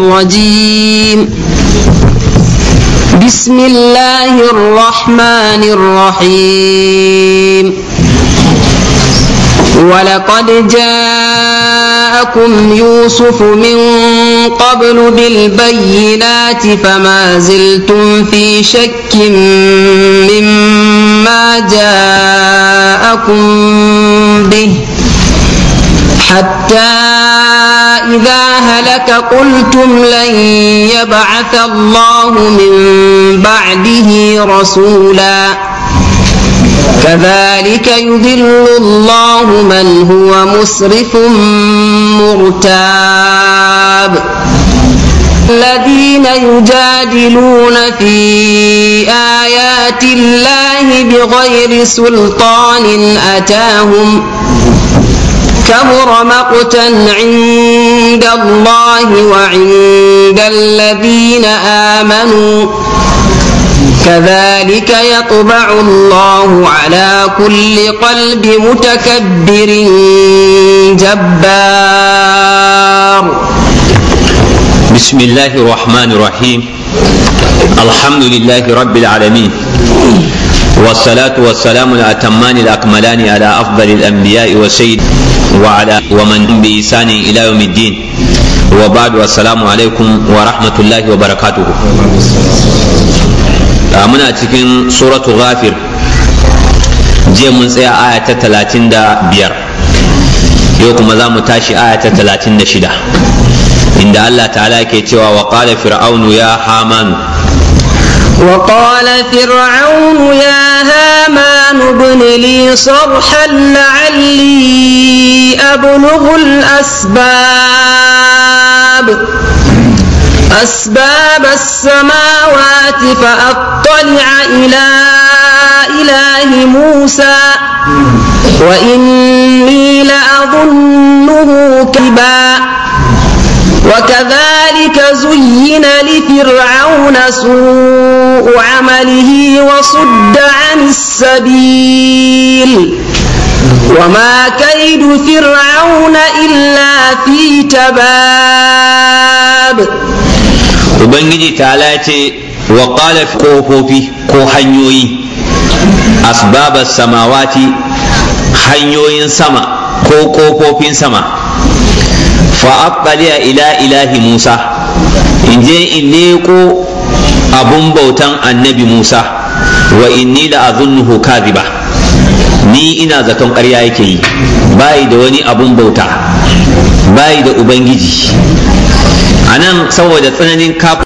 الرجيم بسم الله الرحمن الرحيم ولقد جاءكم يوسف من قبل بالبينات فما زلتم في شك مما جاءكم به حتى إذا هلك قلتم لن يبعث الله من بعده رسولا كذلك يذل الله من هو مسرف مرتاب الذين يجادلون في آيات الله بغير سلطان أتاهم كبر مقتا عند الله وعند الذين آمنوا كذلك يطبع الله على كل قلب متكبر جبار بسم الله الرحمن الرحيم الحمد لله رب العالمين والصلاة والسلام الأتمان الأكملان على أفضل الأنبياء وسيد وعلى ومن بإحسان إلى يوم الدين وبعد والسلام عليكم ورحمة الله وبركاته أمنا آه، تكن سورة غافر جي من سيا آية تلاتين دا بيار يوكم ذا متاشي آية تلاتين دا 36 عند الله تعالى كي وقال فرعون يا حامان وقال فرعون يا هامان ابن لي صرحا لعلي أبلغ الأسباب أسباب السماوات فأطلع إلى إله موسى وإني لأظنه كباً وكذلك زين لفرعون سوء عمله وصد عن السبيل وما كيد فرعون إلا في تباب وبنجي تعالى وقال في كوفوفي كوحنيوي أسباب السماوات حنيوي سما ko سما fa’abbaliya ila ilahi Musa in je in leko abun bautan annabi Musa wa inni nuhu azunnuhu ba ni ina zaton karya yake yi bayi da wani abun bauta bayi da ubangiji anan saboda tsananin kafin